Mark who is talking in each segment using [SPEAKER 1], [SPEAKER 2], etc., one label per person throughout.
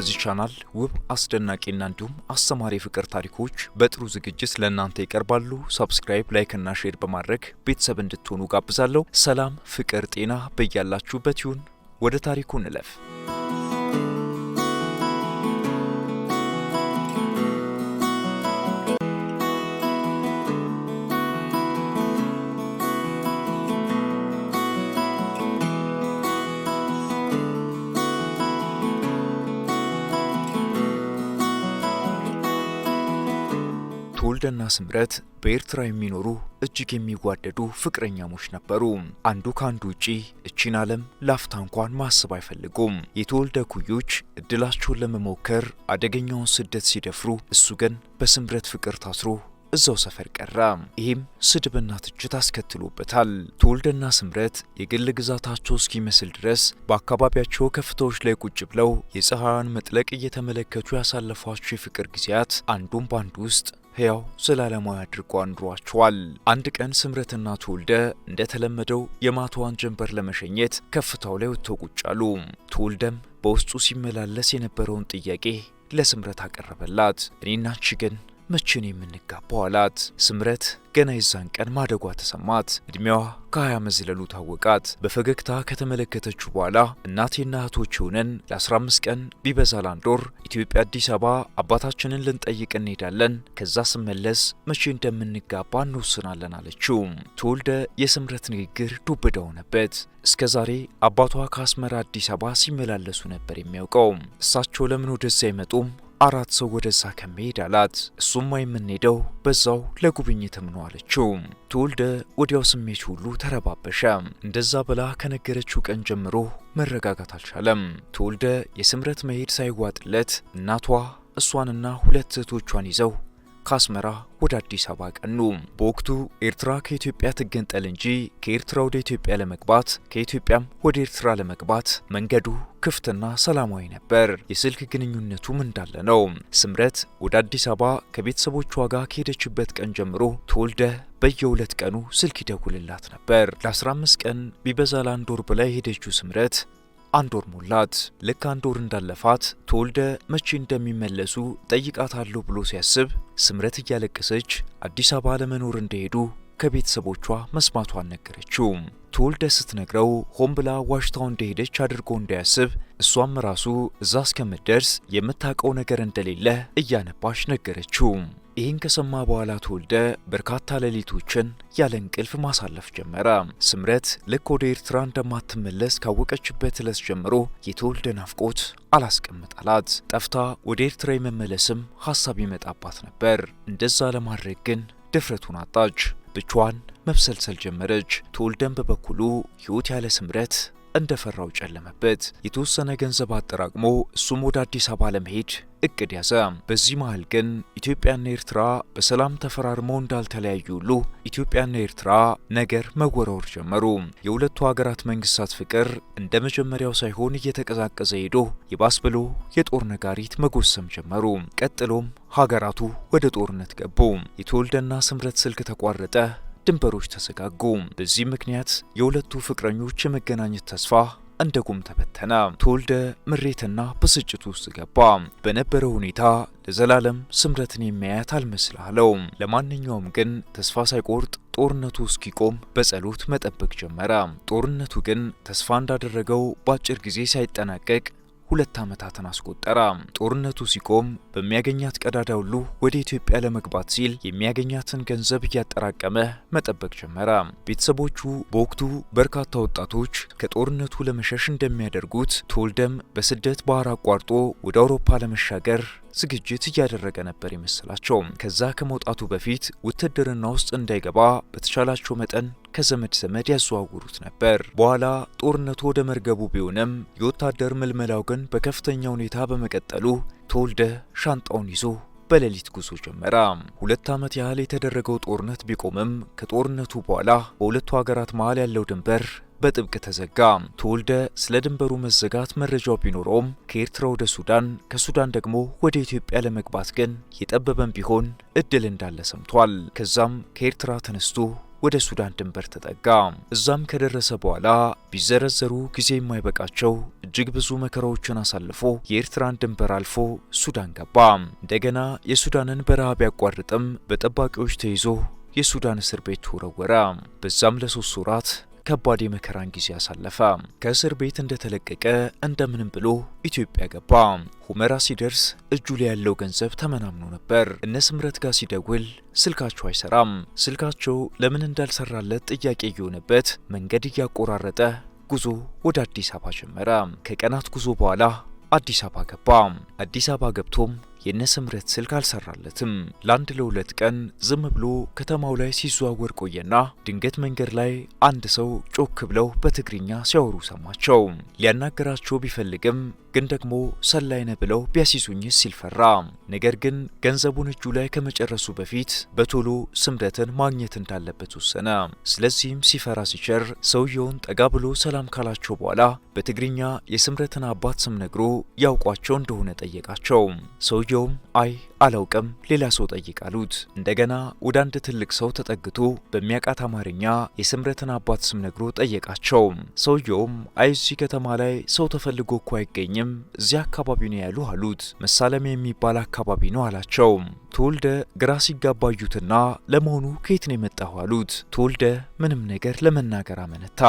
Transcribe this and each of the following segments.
[SPEAKER 1] በዚህ ቻናል ውብ አስደናቂና እንዲሁም አስተማሪ ፍቅር ታሪኮች በጥሩ ዝግጅት ለእናንተ ይቀርባሉ። ሰብስክራይብ፣ ላይክ እና ሼር በማድረግ ቤተሰብ እንድትሆኑ ጋብዛለሁ። ሰላም፣ ፍቅር፣ ጤና በያላችሁበት ይሁን። ወደ ታሪኩ እንለፍ። ስምረት በኤርትራ የሚኖሩ እጅግ የሚዋደዱ ፍቅረኛሞች ነበሩ። አንዱ ከአንዱ ውጪ እቺን ዓለም ላፍታ እንኳን ማሰብ አይፈልጉም። የተወልደ ኩዮች እድላቸውን ለመሞከር አደገኛውን ስደት ሲደፍሩ፣ እሱ ግን በስምረት ፍቅር ታስሮ እዛው ሰፈር ቀረ። ይህም ስድብና ትችት አስከትሎበታል። ተወልደና ስምረት የግል ግዛታቸው እስኪመስል ድረስ በአካባቢያቸው ከፍታዎች ላይ ቁጭ ብለው የፀሐያን መጥለቅ እየተመለከቱ ያሳለፏቸው የፍቅር ጊዜያት አንዱም በአንዱ ውስጥ ሕያው ዘላለማዊ አድርጎ አኑሯቸዋል። አንድ ቀን ስምረትና ትውልደ እንደተለመደው የማቷዋን ጀንበር ለመሸኘት ከፍታው ላይ ወጥተው ቁጭ አሉ። ትውልደም በውስጡ ሲመላለስ የነበረውን ጥያቄ ለስምረት አቀረበላት። እኔና አንቺ ግን መቼ ነው የምንጋባው አላት። ስምረት ገና የዛን ቀን ማደጓ ተሰማት። እድሜዋ ከሀያ መዝለሉ ታወቃት። በፈገግታ ከተመለከተችው በኋላ እናቴና እህቶች ሆነን ለ15 ቀን ቢበዛ ላንድ ወር ኢትዮጵያ አዲስ አበባ አባታችንን ልንጠይቅ እንሄዳለን። ከዛ ስመለስ መቼ እንደምንጋባ እንወስናለን አለችው። ተወልደ የስምረት ንግግር ዱብ እዳ ሆነበት። እስከ ዛሬ አባቷ ከአስመራ አዲስ አበባ ሲመላለሱ ነበር የሚያውቀው። እሳቸው ለምን ወደዚያ አይመጡም አራት ሰው ወደዛ ከመሄድ አላት። እሱማ የምንሄደው በዛው ለጉብኝትም ነው አለችው። ትውልደ ወዲያው ስሜት ሁሉ ተረባበሸ። እንደዛ ብላ ከነገረችው ቀን ጀምሮ መረጋጋት አልቻለም። ትውልደ የስምረት መሄድ ሳይዋጥለት እናቷ እሷንና ሁለት እህቶቿን ይዘው ከአስመራ ወደ አዲስ አበባ ቀኑ። በወቅቱ ኤርትራ ከኢትዮጵያ ትገንጠል እንጂ ከኤርትራ ወደ ኢትዮጵያ ለመግባት ከኢትዮጵያም ወደ ኤርትራ ለመግባት መንገዱ ክፍትና ሰላማዊ ነበር። የስልክ ግንኙነቱም እንዳለ ነው። ስምረት ወደ አዲስ አበባ ከቤተሰቦቿ ጋር ከሄደችበት ቀን ጀምሮ ተወልደ በየሁለት ቀኑ ስልክ ይደውልላት ነበር። ለ15 ቀን ቢበዛ ለአንድ ወር በላይ የሄደችው ስምረት አንድ ወር ሞላት። ልክ አንድ ወር እንዳለፋት ተወልደ መቼ እንደሚመለሱ ጠይቃታለሁ ብሎ ሲያስብ ስምረት እያለቀሰች አዲስ አበባ ለመኖር እንደሄዱ ከቤተሰቦቿ መስማቷን ነገረችው። ትውልደ ስትነግረው ሆን ብላ ዋሽታው እንደሄደች አድርጎ እንዳያስብ እሷም ራሱ እዛ እስከምትደርስ የምታውቀው ነገር እንደሌለ እያነባች ነገረችው። ይህን ከሰማ በኋላ ትወልደ በርካታ ሌሊቶችን ያለ እንቅልፍ ማሳለፍ ጀመረ። ስምረት ልክ ወደ ኤርትራ እንደማትመለስ ካወቀችበት ዕለት ጀምሮ የትወልደ ናፍቆት አላስቀምጣላት። ጠፍታ ወደ ኤርትራ የመመለስም ሀሳብ ይመጣባት ነበር። እንደዛ ለማድረግ ግን ድፍረቱን አጣች። ብቿን መብሰልሰል ጀመረች። ትውልደን በበኩሉ ሕይወት ያለ ስምረት እንደፈራው ጨለመበት። የተወሰነ ገንዘብ አጠራቅሞ እሱም ወደ አዲስ አበባ ለመሄድ እቅድ ያዘ። በዚህ መሃል ግን ኢትዮጵያና ኤርትራ በሰላም ተፈራርመው እንዳልተለያዩ ሁሉ ኢትዮጵያና ኤርትራ ነገር መወራወር ጀመሩ። የሁለቱ ሀገራት መንግስታት ፍቅር እንደ መጀመሪያው ሳይሆን እየተቀዛቀዘ ሄዶ የባስብሎ ብሎ የጦር ነጋሪት መጎሰም ጀመሩ። ቀጥሎም ሀገራቱ ወደ ጦርነት ገቡ። የተወልደና ስምረት ስልክ ተቋረጠ። ድንበሮች ተዘጋጉ። በዚህ ምክንያት የሁለቱ ፍቅረኞች የመገናኘት ተስፋ እንደ ጉም ተበተነ። ተወልደ ምሬትና ብስጭት ውስጥ ገባ። በነበረው ሁኔታ ለዘላለም ስምረትን የሚያያት አልመስላለሁ። ለማንኛውም ግን ተስፋ ሳይቆርጥ ጦርነቱ እስኪቆም በጸሎት መጠበቅ ጀመረ። ጦርነቱ ግን ተስፋ እንዳደረገው በአጭር ጊዜ ሳይጠናቀቅ ሁለት ዓመታትን አስቆጠረ። ጦርነቱ ሲቆም በሚያገኛት ቀዳዳ ሁሉ ወደ ኢትዮጵያ ለመግባት ሲል የሚያገኛትን ገንዘብ እያጠራቀመ መጠበቅ ጀመረ። ቤተሰቦቹ በወቅቱ በርካታ ወጣቶች ከጦርነቱ ለመሸሽ እንደሚያደርጉት ተወልደም በስደት ባህር አቋርጦ ወደ አውሮፓ ለመሻገር ዝግጅት እያደረገ ነበር ይመስላቸው። ከዛ ከመውጣቱ በፊት ውትድርና ውስጥ እንዳይገባ በተቻላቸው መጠን ከዘመድ ዘመድ ያዘዋውሩት ነበር። በኋላ ጦርነቱ ወደ መርገቡ ቢሆንም የወታደር ምልመላው ግን በከፍተኛ ሁኔታ በመቀጠሉ ተወልደ ሻንጣውን ይዞ በሌሊት ጉዞ ጀመረ። ሁለት ዓመት ያህል የተደረገው ጦርነት ቢቆምም ከጦርነቱ በኋላ በሁለቱ ሀገራት መሃል ያለው ድንበር በጥብቅ ተዘጋ። ተወልደ ስለ ድንበሩ መዘጋት መረጃው ቢኖረውም ከኤርትራ ወደ ሱዳን፣ ከሱዳን ደግሞ ወደ ኢትዮጵያ ለመግባት ግን የጠበበን ቢሆን እድል እንዳለ ሰምቷል። ከዛም ከኤርትራ ተነስቶ ወደ ሱዳን ድንበር ተጠጋ። እዛም ከደረሰ በኋላ ቢዘረዘሩ ጊዜ የማይበቃቸው እጅግ ብዙ መከራዎችን አሳልፎ የኤርትራን ድንበር አልፎ ሱዳን ገባ። እንደገና የሱዳንን በረሃ ቢያቋርጥም በጠባቂዎች ተይዞ የሱዳን እስር ቤት ተወረወረ። በዛም ለሶስት ወራት ከባድ የመከራን ጊዜ አሳለፈ። ከእስር ቤት እንደተለቀቀ እንደምንም ብሎ ኢትዮጵያ ገባ። ሁመራ ሲደርስ እጁ ላይ ያለው ገንዘብ ተመናምኖ ነበር። እነ ስምረት ጋር ሲደውል ስልካቸው አይሰራም። ስልካቸው ለምን እንዳልሰራለት ጥያቄ እየሆነበት መንገድ እያቆራረጠ ጉዞ ወደ አዲስ አበባ ጀመረ። ከቀናት ጉዞ በኋላ አዲስ አበባ ገባ። አዲስ አበባ ገብቶም የነስምረት ስልክ አልሰራለትም። ለአንድ ለሁለት ቀን ዝም ብሎ ከተማው ላይ ሲዘዋወር ቆየና ድንገት መንገድ ላይ አንድ ሰው ጮክ ብለው በትግርኛ ሲያወሩ ሰማቸው። ሊያናገራቸው ቢፈልግም ግን ደግሞ ሰላይ ነህ ብለው ቢያስይዙኝስ ሲል ፈራ። ነገር ግን ገንዘቡን እጁ ላይ ከመጨረሱ በፊት በቶሎ ስምደትን ማግኘት እንዳለበት ወሰነ። ስለዚህም ሲፈራ ሲቸር ሰውየውን ጠጋ ብሎ ሰላም ካላቸው በኋላ በትግርኛ የስምረትን አባት ስም ነግሮ ያውቋቸው እንደሆነ ጠየቃቸው። ሰውየውም አይ አላውቅም፣ ሌላ ሰው ጠይቅ አሉት። እንደገና ወደ አንድ ትልቅ ሰው ተጠግቶ በሚያቃት አማርኛ የስምረትን አባት ስም ነግሮ ጠየቃቸው። ሰውየውም አይ እዚህ ከተማ ላይ ሰው ተፈልጎ እኮ አይገኝም የለኝም እዚያ አካባቢ ነው ያሉ አሉት። መሳለም የሚባል አካባቢ ነው አላቸው። ተወልደ ግራ ሲጋባዩትና ለመሆኑ ከየት ነው የመጣሁ አሉት። ተወልደ ምንም ነገር ለመናገር አመነታ።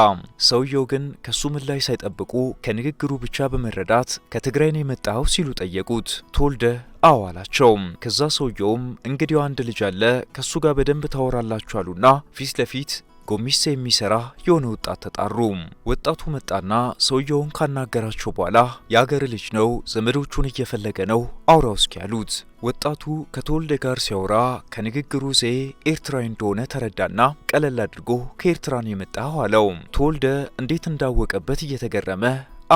[SPEAKER 1] ሰውየው ግን ከሱ ምላሽ ሳይጠብቁ ከንግግሩ ብቻ በመረዳት ከትግራይ ነው የመጣው ሲሉ ጠየቁት። ተወልደ አዎ አላቸው። ከዛ ሰውየውም እንግዲያው አንድ ልጅ አለ ከሱ ጋር በደንብ ታወራላችሁ አሉና ፊት ለፊት ጎሚስ የሚሰራ የሆነ ወጣት ተጣሩ። ወጣቱ መጣና ሰውየውን ካናገራቸው በኋላ የአገር ልጅ ነው፣ ዘመዶቹን እየፈለገ ነው፣ አውራ ውስኪ ያሉት። ወጣቱ ከተወልደ ጋር ሲያወራ ከንግግሩ ዜ ኤርትራ እንደሆነ ተረዳና ቀለል አድርጎ ከኤርትራን የመጣው አለው። ተወልደ እንዴት እንዳወቀበት እየተገረመ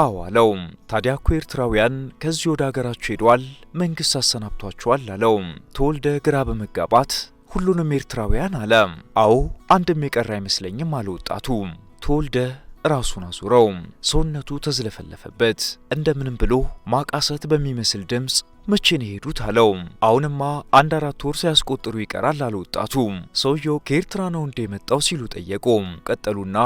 [SPEAKER 1] አዎ አለው። ታዲያ እኮ ኤርትራውያን ከዚህ ወደ አገራቸው ሄደዋል፣ መንግስት አሰናብቷቸዋል አለው። ተወልደ ግራ በመጋባት ሁሉንም ኤርትራውያን አለ። አዎ አንድም የቀረ አይመስለኝም አለ ወጣቱ። ተወልደ ራሱን አዙረው ሰውነቱ ተዝለፈለፈበት። እንደምንም ብሎ ማቃሰት በሚመስል ድምፅ መቼ ነው የሄዱት አለው። አሁንማ አንድ አራት ወር ሲያስቆጥሩ ይቀራል አለ ወጣቱ። ሰውየው ከኤርትራ ነው እንደ የመጣው ሲሉ ጠየቁ። ቀጠሉና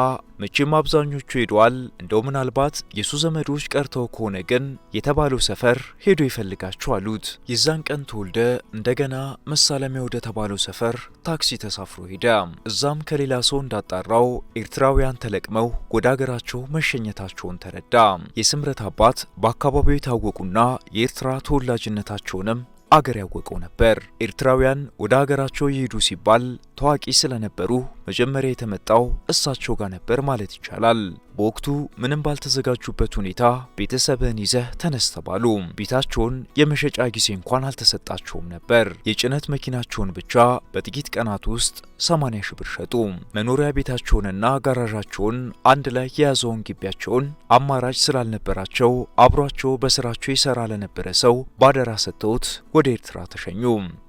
[SPEAKER 1] መቼም አብዛኞቹ ሄደዋል፣ እንደው ምናልባት የሱ ዘመዶች ቀርተው ከሆነ ግን የተባለው ሰፈር ሄዶ ይፈልጋቸው አሉት። የዛን ቀን ተወልደ እንደገና መሳለሚያ ወደ ተባለው ሰፈር ታክሲ ተሳፍሮ ሄደ። እዛም ከሌላ ሰው እንዳጣራው ኤርትራውያን ተለቅመው ወደ አገራቸው መሸኘታቸውን ተረዳ። የስምረት አባት በአካባቢው የታወቁና የኤርትራ ተወላጅ ተወዳጅነታቸውንም አገር ያወቀው ነበር። ኤርትራውያን ወደ አገራቸው ይሄዱ ሲባል ታዋቂ ስለነበሩ መጀመሪያ የተመጣው እሳቸው ጋር ነበር ማለት ይቻላል። በወቅቱ ምንም ባልተዘጋጁበት ሁኔታ ቤተሰብን ይዘህ ተነስ ተባሉ። ቤታቸውን የመሸጫ ጊዜ እንኳን አልተሰጣቸውም ነበር። የጭነት መኪናቸውን ብቻ በጥቂት ቀናት ውስጥ 80 ሺህ ብር ሸጡ። መኖሪያ ቤታቸውንና ጋራዣቸውን አንድ ላይ የያዘውን ግቢያቸውን አማራጭ ስላልነበራቸው አብሯቸው በስራቸው ይሰራ ለነበረ ሰው ባደራ ሰጥተውት ወደ ኤርትራ ተሸኙ።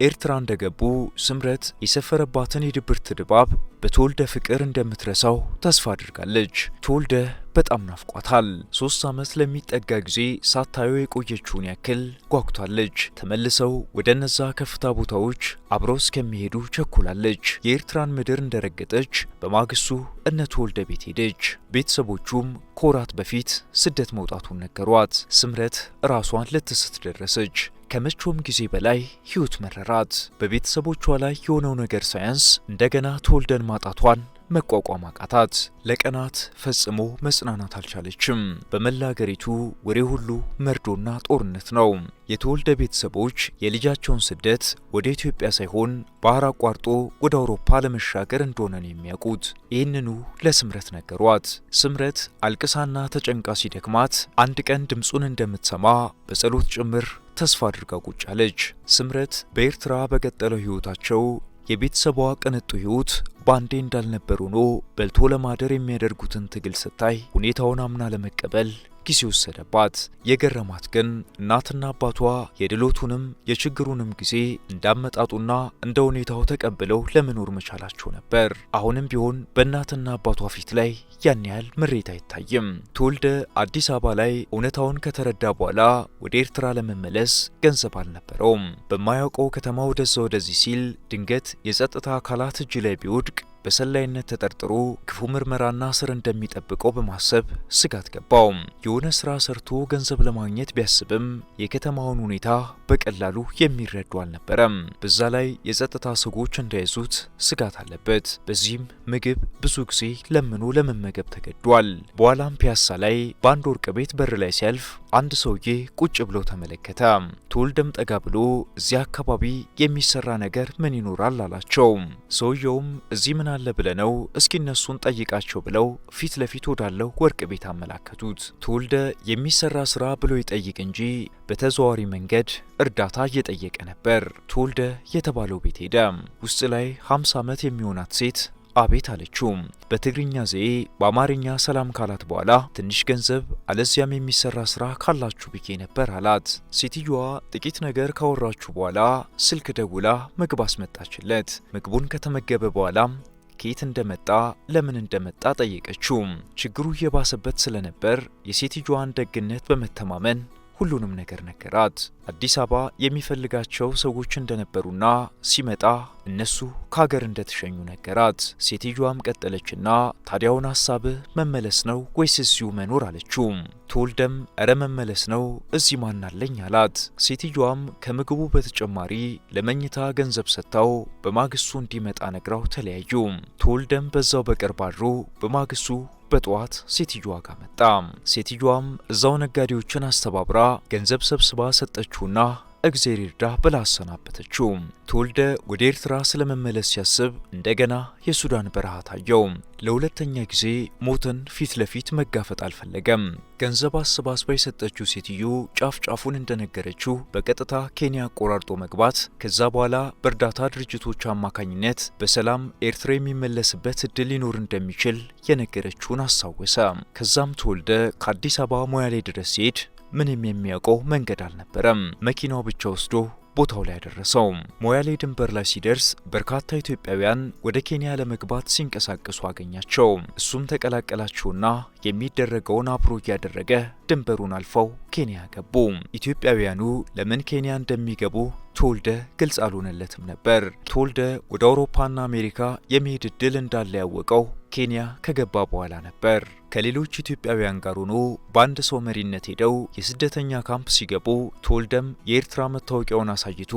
[SPEAKER 1] ኤርትራ እንደገቡ ስምረት የሰፈረባትን የድብርት ድባብ በተወልደ ፍቅር እንደምትረሳው ተስፋ አድርጋለች። ተወልደ በጣም ናፍቋታል። ሶስት ዓመት ለሚጠጋ ጊዜ ሳታየው የቆየችውን ያክል ጓጉታለች። ተመልሰው ወደ እነዛ ከፍታ ቦታዎች አብረው እስከሚሄዱ ቸኩላለች። የኤርትራን ምድር እንደረገጠች በማግስቱ እነ ተወልደ ቤት ሄደች። ቤተሰቦቹም ከወራት በፊት ስደት መውጣቱን ነገሯት። ስምረት ራሷን ልትስት ደረሰች። ከመቼውም ጊዜ በላይ ህይወት መረራት። በቤተሰቦቿ ላይ የሆነው ነገር ሳያንስ እንደገና ተወልደን ማጣቷን መቋቋም አቃታት። ለቀናት ፈጽሞ መጽናናት አልቻለችም። በመላ አገሪቱ ወሬ ሁሉ መርዶና ጦርነት ነው። የተወልደ ቤተሰቦች የልጃቸውን ስደት ወደ ኢትዮጵያ ሳይሆን ባህር አቋርጦ ወደ አውሮፓ ለመሻገር እንደሆነ ነው የሚያውቁት። ይህንኑ ለስምረት ነገሯት። ስምረት አልቅሳና ተጨንቃ ሲደክማት አንድ ቀን ድምፁን እንደምትሰማ በጸሎት ጭምር ተስፋ አድርጋ ቁጭ አለች። ስምረት በኤርትራ በቀጠለው ህይወታቸው የቤተሰቧ ቅንጡ ህይወት ባንዴ እንዳልነበር ሆኖ በልቶ ለማደር የሚያደርጉትን ትግል ስታይ ሁኔታውን አምና ለመቀበል ጊዜ ወሰደባት። የገረማት ግን እናትና አባቷ የድሎቱንም የችግሩንም ጊዜ እንዳመጣጡና እንደ ሁኔታው ተቀብለው ለመኖር መቻላቸው ነበር። አሁንም ቢሆን በእናትና አባቷ ፊት ላይ ያን ያህል ምሬት አይታይም። ትውልደ አዲስ አበባ ላይ እውነታውን ከተረዳ በኋላ ወደ ኤርትራ ለመመለስ ገንዘብ አልነበረውም። በማያውቀው ከተማ ወደዛ ወደዚህ ሲል ድንገት የጸጥታ አካላት እጅ ላይ ቢውድ በሰላይነት ተጠርጥሮ ክፉ ምርመራና ስር እንደሚጠብቀው በማሰብ ስጋት ገባው። የሆነ ስራ ሰርቶ ገንዘብ ለማግኘት ቢያስብም የከተማውን ሁኔታ በቀላሉ የሚረዱ አልነበረም። በዛ ላይ የጸጥታ ሰዎች እንዳይዙት ስጋት አለበት። በዚህም ምግብ ብዙ ጊዜ ለምኖ ለመመገብ ተገዷል። በኋላም ፒያሳ ላይ በአንድ ወርቅ ቤት በር ላይ ሲያልፍ አንድ ሰውዬ ቁጭ ብሎ ተመለከተ። ትውልድም ጠጋ ብሎ እዚያ አካባቢ የሚሰራ ነገር ምን ይኖራል አላቸው። ሰውየውም እዚህ ምን አለ ብለ ነው እስኪ እነሱን ጠይቃቸው ብለው ፊት ለፊት ወዳለው ወርቅ ቤት አመላከቱት። ትውልደ የሚሰራ ስራ ብሎ ይጠይቅ እንጂ በተዘዋዋሪ መንገድ እርዳታ እየጠየቀ ነበር። ትውልደ የተባለው ቤት ሄደ። ውስጥ ላይ 50 ዓመት የሚሆናት ሴት አቤት አለችው። በትግርኛ ዘዬ በአማርኛ ሰላም ካላት በኋላ ትንሽ ገንዘብ አለዚያም የሚሰራ ስራ ካላችሁ ብዬ ነበር አላት። ሴትዮዋ ጥቂት ነገር ካወራችሁ በኋላ ስልክ ደውላ ምግብ አስመጣችለት። ምግቡን ከተመገበ በኋላም ከየት እንደመጣ ለምን እንደመጣ ጠየቀችው። ችግሩ እየባሰበት ስለነበር የሴትዮዋን ደግነት በመተማመን ሁሉንም ነገር ነገራት። አዲስ አበባ የሚፈልጋቸው ሰዎች እንደነበሩና ሲመጣ እነሱ ከሀገር እንደተሸኙ ነገራት። ሴትዮዋም ቀጠለችና ታዲያውን ሀሳብህ መመለስ ነው ወይስ እዚሁ መኖር አለችው። ትውልደም እረ መመለስ ነው እዚህ ማናለኝ አላት። ሴትዮዋም ከምግቡ በተጨማሪ ለመኝታ ገንዘብ ሰጥታው በማግስቱ እንዲመጣ ነግራው ተለያዩ። ትውልደም በዛው በቅርብ አድሮ በማግስቱ በጠዋት ሴትዮዋ ጋር መጣ። ሴትዮዋም እዛው ነጋዴዎችን አስተባብራ ገንዘብ ሰብስባ ሰጠችውና እግዜር ይርዳህ ብላ አሰናበተችው። ተወልደ ወደ ኤርትራ ስለመመለስ ሲያስብ እንደገና የሱዳን በረሃ ታየው። ለሁለተኛ ጊዜ ሞትን ፊት ለፊት መጋፈጥ አልፈለገም። ገንዘብ አሰባስባ የሰጠችው ሴትዮ ጫፍ ጫፉን እንደነገረችው በቀጥታ ኬንያ አቆራርጦ መግባት፣ ከዛ በኋላ በእርዳታ ድርጅቶች አማካኝነት በሰላም ኤርትራ የሚመለስበት እድል ሊኖር እንደሚችል የነገረችውን አስታወሰ። ከዛም ተወልደ ከአዲስ አበባ ሞያሌ ድረስ ሲሄድ ምንም የሚያውቀው መንገድ አልነበረም። መኪናው ብቻ ወስዶ ቦታው ላይ ያደረሰው። ሞያሌ ድንበር ላይ ሲደርስ በርካታ ኢትዮጵያውያን ወደ ኬንያ ለመግባት ሲንቀሳቀሱ አገኛቸው። እሱም ተቀላቀላቸውና የሚደረገውን አብሮ እያደረገ ድንበሩን አልፈው ኬንያ ገቡ። ኢትዮጵያውያኑ ለምን ኬንያ እንደሚገቡ ተወልደ ግልጽ አልሆነለትም ነበር። ተወልደ ወደ አውሮፓና አሜሪካ የመሄድ እድል እንዳለ ያወቀው ኬንያ ከገባ በኋላ ነበር። ከሌሎች ኢትዮጵያውያን ጋር ሆኖ በአንድ ሰው መሪነት ሄደው የስደተኛ ካምፕ ሲገቡ ተወልደም የኤርትራ መታወቂያውን አሳይቶ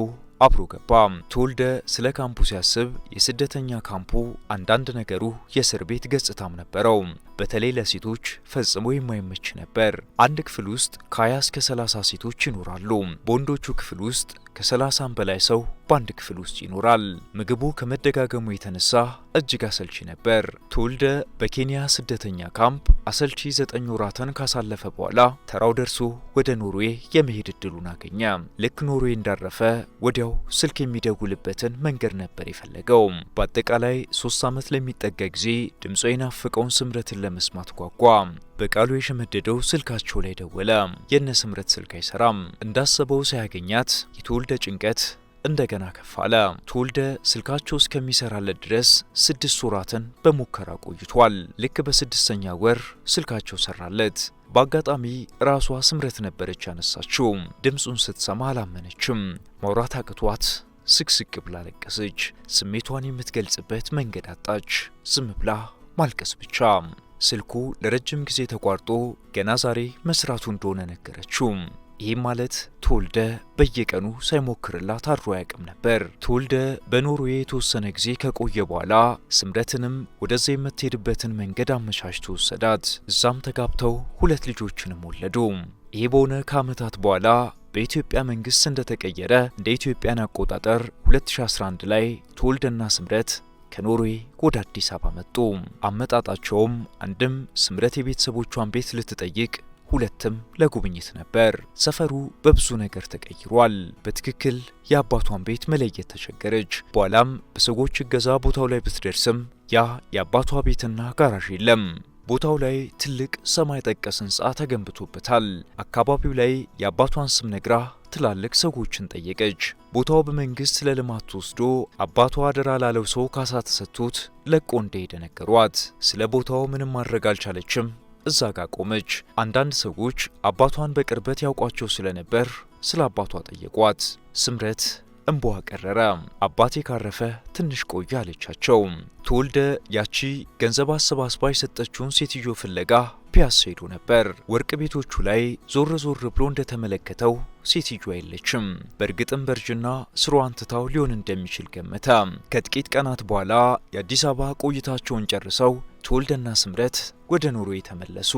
[SPEAKER 1] አብሮ ገባ። ተወልደ ስለ ካምፑ ሲያስብ የስደተኛ ካምፑ አንዳንድ ነገሩ የእስር ቤት ገጽታም ነበረው። በተለይ ለሴቶች ፈጽሞ የማይመች ነበር። አንድ ክፍል ውስጥ ከ20 እስከ 30 ሴቶች ይኖራሉ። በወንዶቹ ክፍል ውስጥ ከ 30 በላይ ሰው በአንድ ክፍል ውስጥ ይኖራል። ምግቡ ከመደጋገሙ የተነሳ እጅግ አሰልቺ ነበር። ተወልደ በኬንያ ስደተኛ ካምፕ አሰልቺ ዘጠኝ ወራትን ካሳለፈ በኋላ ተራው ደርሶ ወደ ኖርዌ የመሄድ እድሉን አገኘ። ልክ ኖርዌ እንዳረፈ ወዲያው ስልክ የሚደውልበትን መንገድ ነበር የፈለገው። በአጠቃላይ ሶስት ዓመት ለሚጠጋ ጊዜ ድምፆ የናፈቀውን ስምረትን ለመስማት ጓጓ። በቃሉ የሸመደደው ስልካቸው ላይ ደወለ። የእነ ስምረት ስልክ አይሰራም። እንዳሰበው ሳያገኛት የተወልደ ጭንቀት እንደገና ከፍ አለ። ተወልደ ስልካቸው እስከሚሰራለት ድረስ ስድስት ወራትን በሙከራ ቆይቷል። ልክ በስድስተኛ ወር ስልካቸው ሰራለት። በአጋጣሚ ራሷ ስምረት ነበረች ያነሳችው። ድምፁን ስትሰማ አላመነችም። ማውራት አቅቷት ስቅስቅ ብላ ለቀሰች። ስሜቷን የምትገልጽበት መንገድ አጣች። ዝም ብላ ማልቀስ ብቻ ስልኩ ለረጅም ጊዜ ተቋርጦ ገና ዛሬ መስራቱ እንደሆነ ነገረችው። ይህም ማለት ተወልደ በየቀኑ ሳይሞክርላት አድሮ አያውቅም ነበር። ተወልደ በኖርዌ የተወሰነ ጊዜ ከቆየ በኋላ ስምረትንም ወደዛ የምትሄድበትን መንገድ አመቻችቶ ወሰዳት። እዛም ተጋብተው ሁለት ልጆችንም ወለዱ። ይህ በሆነ ከዓመታት በኋላ በኢትዮጵያ መንግስት እንደተቀየረ እንደ ኢትዮጵያን አቆጣጠር 2011 ላይ ተወልደና ስምረት ከኖርዌይ ወደ አዲስ አበባ መጡ። አመጣጣቸውም አንድም ስምረት የቤተሰቦቿን ቤት ልትጠይቅ ሁለትም ለጉብኝት ነበር። ሰፈሩ በብዙ ነገር ተቀይሯል። በትክክል የአባቷን ቤት መለየት ተቸገረች። በኋላም በሰዎች እገዛ ቦታው ላይ ብትደርስም ያ የአባቷ ቤትና ጋራዥ የለም። ቦታው ላይ ትልቅ ሰማይ ጠቀስ ህንፃ ተገንብቶበታል። አካባቢው ላይ የአባቷን ስም ነግራ ትላልቅ ሰዎችን ጠየቀች። ቦታው በመንግስት ለልማት ተወስዶ አባቷ አደራ ላለው ሰው ካሳ ተሰጥቶት ለቆ እንደሄደ ነገሯት። ስለ ቦታው ምንም ማድረግ አልቻለችም። እዛ ጋር ቆመች። አንዳንድ ሰዎች አባቷን በቅርበት ያውቋቸው ስለነበር ስለ አባቷ ጠየቋት። ስምረት እንቧ ቀረረ። አባቴ ካረፈ ትንሽ ቆየ አለቻቸው። ተወልደ ያቺ ገንዘብ አሰባስባ የሰጠችውን ሴትዮ ፍለጋ ፒያሳ ሄዶ ነበር። ወርቅ ቤቶቹ ላይ ዞር ዞር ብሎ እንደተመለከተው ሴትዮ የለችም። በእርግጥም በእርጅና ስሯን ትታው ሊሆን እንደሚችል ገመተ። ከጥቂት ቀናት በኋላ የአዲስ አበባ ቆይታቸውን ጨርሰው ትውልድና ስምረት ወደ ኑሮ የተመለሱ